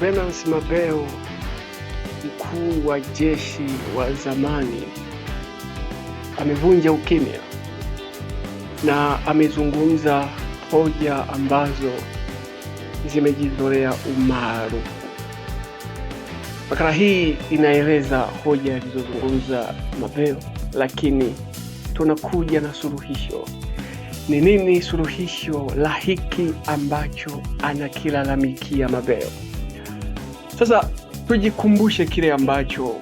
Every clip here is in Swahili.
Venance Mabeo, mkuu wa jeshi wa zamani, amevunja ukimya na amezungumza hoja ambazo zimejizolea umaarufu. Makala hii inaeleza hoja alizozungumza Mabeo, lakini tunakuja na suluhisho. Ni nini suluhisho la hiki ambacho anakilalamikia Mabeo? Sasa tujikumbushe kile ambacho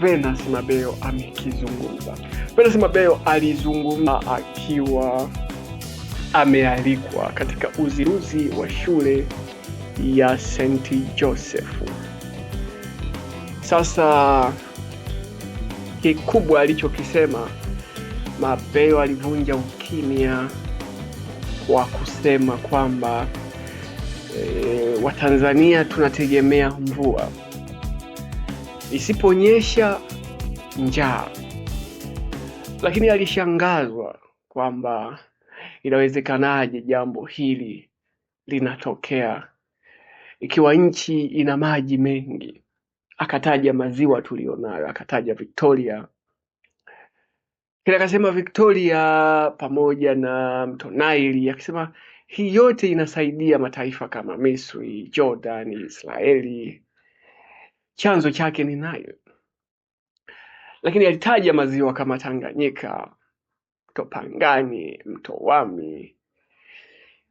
venus Mabeo amekizungumza. Venus Mabeo alizungumza akiwa amealikwa katika uzinduzi wa shule ya St. Joseph. Sasa kikubwa alichokisema Mabeo alivunja ukimya kwa kusema kwamba e, Watanzania tunategemea mvua. Isiponyesha njaa. Lakini alishangazwa kwamba inawezekanaje jambo hili linatokea ikiwa nchi ina maji mengi. Akataja maziwa tuliyonayo, akataja Victoria kila akasema Victoria pamoja na mto Nile, akisema hii yote inasaidia mataifa kama Misri, Jordan, Israeli. Chanzo chake ni Nile. Lakini alitaja maziwa kama Tanganyika, mto Pangani, mto Wami.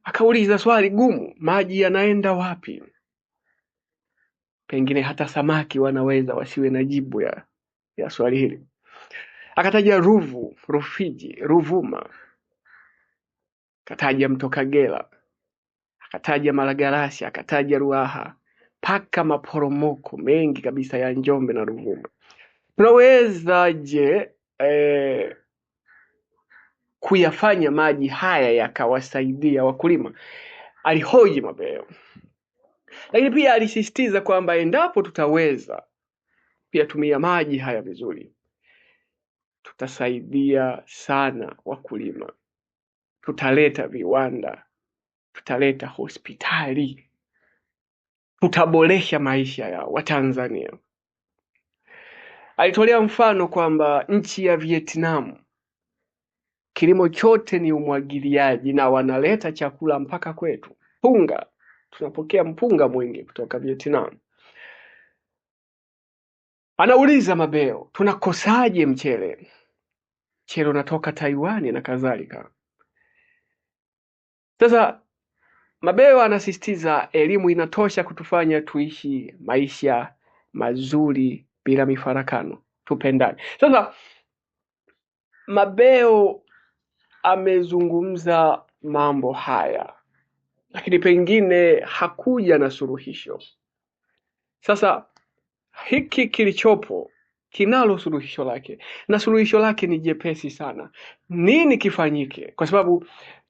Akauliza swali gumu, maji yanaenda wapi? Pengine hata samaki wanaweza wasiwe na jibu ya, ya swali hili. Akataja Ruvu, Rufiji, Ruvuma Akataja mto Kagera akataja Malagarasi akataja Ruaha mpaka maporomoko mengi kabisa ya Njombe na Ruvuma. Tunawezaje eh, kuyafanya maji haya yakawasaidia wakulima? Alihoji mapeo, lakini pia alisisitiza kwamba endapo tutaweza kuyatumia maji haya vizuri, tutasaidia sana wakulima tutaleta viwanda, tutaleta hospitali, tutaboresha maisha ya Watanzania. Alitolea mfano kwamba nchi ya Vietnam kilimo chote ni umwagiliaji na wanaleta chakula mpaka kwetu, mpunga. Tunapokea mpunga mwingi kutoka Vietnam. Anauliza Mabeo, tunakosaje mchele? Mchele unatoka Taiwani na kadhalika. Sasa Mabewa anasisitiza elimu inatosha kutufanya tuishi maisha mazuri bila mifarakano, tupendane. Sasa Mabeo amezungumza mambo haya, lakini pengine hakuja na suluhisho. Sasa hiki kilichopo kinalo suluhisho lake, na suluhisho lake ni jepesi sana. Nini kifanyike? Kwa sababu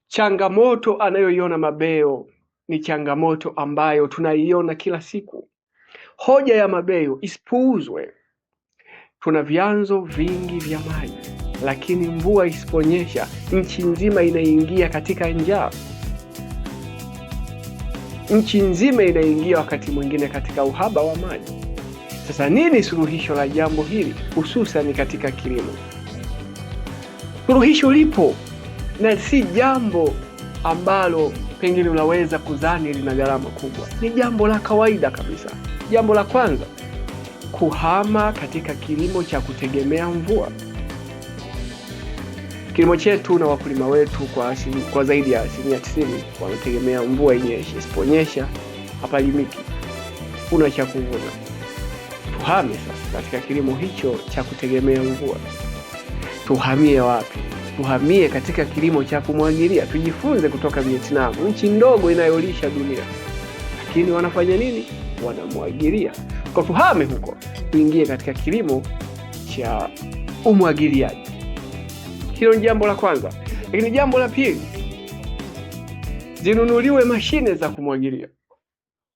Changamoto anayoiona Mabeo ni changamoto ambayo tunaiona kila siku. Hoja ya Mabeo isipuuzwe. Tuna vyanzo vingi vya maji, lakini mvua isiponyesha, nchi nzima inaingia katika njaa. Nchi nzima inaingia wakati mwingine katika uhaba wa maji. Sasa nini suluhisho la jambo hili, hususan katika kilimo? Suluhisho lipo na si jambo ambalo pengine unaweza kudhani lina gharama kubwa. Ni jambo la kawaida kabisa. Jambo la kwanza, kuhama katika kilimo cha kutegemea mvua. Kilimo chetu na wakulima wetu kwa, asili, kwa zaidi ya asilimia tisini wanategemea mvua inyeshe. Isiponyesha hapalimiki, kuna cha kuvuna. Tuhame sasa katika kilimo hicho cha kutegemea mvua. Tuhamie wapi? tuhamie katika kilimo cha kumwagilia, tujifunze kutoka Vietnam, nchi ndogo inayolisha dunia. Lakini wanafanya nini? Wanamwagilia. Kwa tuhame huko, tuingie katika kilimo cha umwagiliaji. Hilo ni jambo la kwanza, lakini jambo la pili, zinunuliwe mashine za kumwagilia,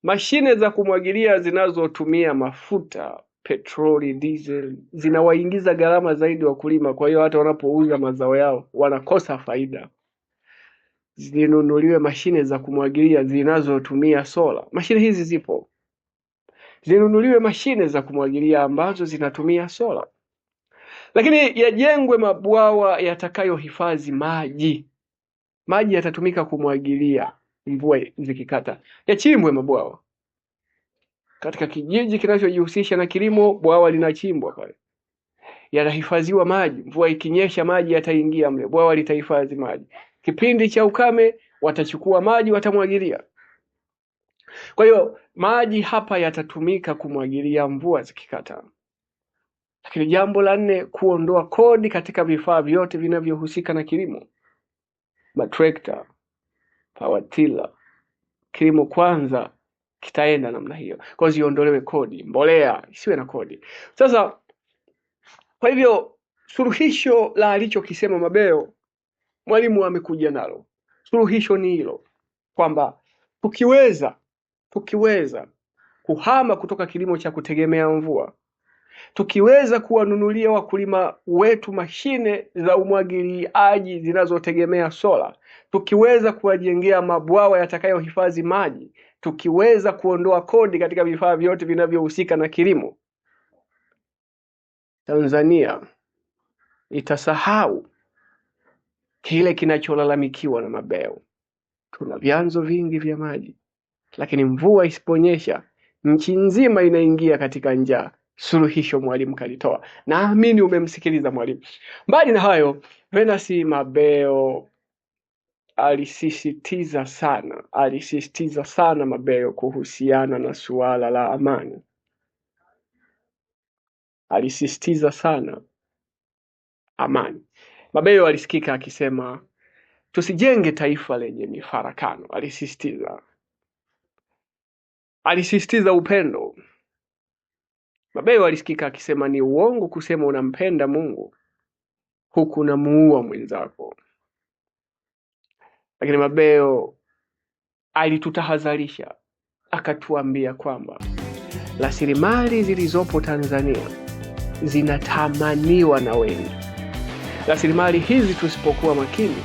mashine za kumwagilia zinazotumia mafuta petroli, diesel zinawaingiza gharama zaidi wakulima. Kwa hiyo hata wanapouza mazao yao wanakosa faida. Zinunuliwe mashine za kumwagilia zinazotumia sola. Mashine hizi zipo, zinunuliwe mashine za kumwagilia ambazo zinatumia sola, lakini yajengwe mabwawa yatakayohifadhi maji. Maji yatatumika kumwagilia mvua zikikata, yachimbwe mabwawa katika kijiji kinachojihusisha na kilimo, bwawa linachimbwa pale, yanahifadhiwa maji. Mvua ikinyesha, maji yataingia mle, bwawa litahifadhi maji. Kipindi cha ukame, watachukua maji, watamwagilia. Kwa hiyo maji hapa yatatumika kumwagilia mvua zikikata. Lakini jambo la nne, kuondoa kodi katika vifaa vyote vinavyohusika na kilimo, matrekta, pawatila, kilimo kwanza kitaenda namna hiyo, kwa hiyo ziondolewe kodi, mbolea isiwe na kodi. Sasa kwa hivyo suluhisho la alichokisema Mabeo Mwalimu amekuja nalo, suluhisho ni hilo kwamba tukiweza tukiweza kuhama kutoka kilimo cha kutegemea mvua tukiweza kuwanunulia wakulima wetu mashine za umwagiliaji zinazotegemea sola, tukiweza kuwajengea mabwawa yatakayohifadhi maji, tukiweza kuondoa kodi katika vifaa vyote vinavyohusika na kilimo, Tanzania itasahau kile kinacholalamikiwa na mabeo. Tuna vyanzo vingi vya maji, lakini mvua isiponyesha, nchi nzima inaingia katika njaa suluhisho mwalimu kalitoa. Naamini umemsikiliza mwalimu. Mbali na hayo, Venus Mabeo alisisitiza sana, alisisitiza sana Mabeo kuhusiana na suala la amani, alisisitiza sana amani. Mabeo alisikika akisema tusijenge taifa lenye mifarakano, alisisitiza alisisitiza upendo Babaye walisikika akisema ni uongo kusema unampenda Mungu huku unamuua mwenzako. Lakini Mabeo alitutahadharisha akatuambia kwamba rasilimali zilizopo Tanzania zinatamaniwa na wengi. Rasilimali hizi tusipokuwa makini,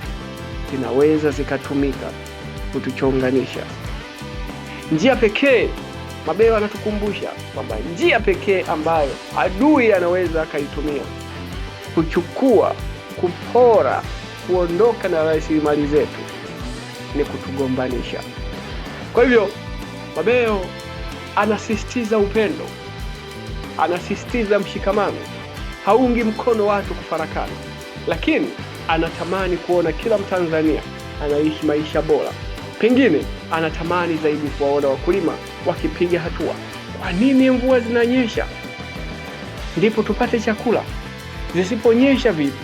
zinaweza zikatumika kutuchonganisha. Njia pekee Mabewa anatukumbusha kwamba njia pekee ambayo adui anaweza akaitumia kuchukua, kupora, kuondoka na rasilimali zetu ni kutugombanisha. Kwa hivyo, mabeo anasisitiza upendo, anasisitiza mshikamano, haungi mkono watu kufarakana, lakini anatamani kuona kila Mtanzania anaishi maisha bora. Pengine anatamani zaidi kuwaona wakulima wakipiga hatua. Kwa nini mvua zinanyesha ndipo tupate chakula? Zisiponyesha vipi?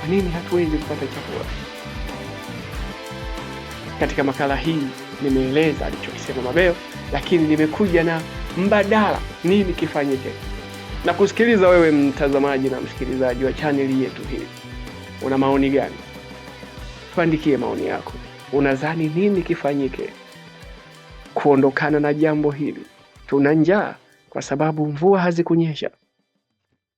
Kwa nini hatuwezi kupata chakula? Katika makala hii nimeeleza alichokisema Mabeo, lakini nimekuja na mbadala, nini kifanyike. Na kusikiliza wewe mtazamaji na msikilizaji wa chaneli yetu hii, una maoni gani? Tuandikie maoni yako, unadhani nini kifanyike? kuondokana na jambo hili. Tuna njaa kwa sababu mvua hazikunyesha.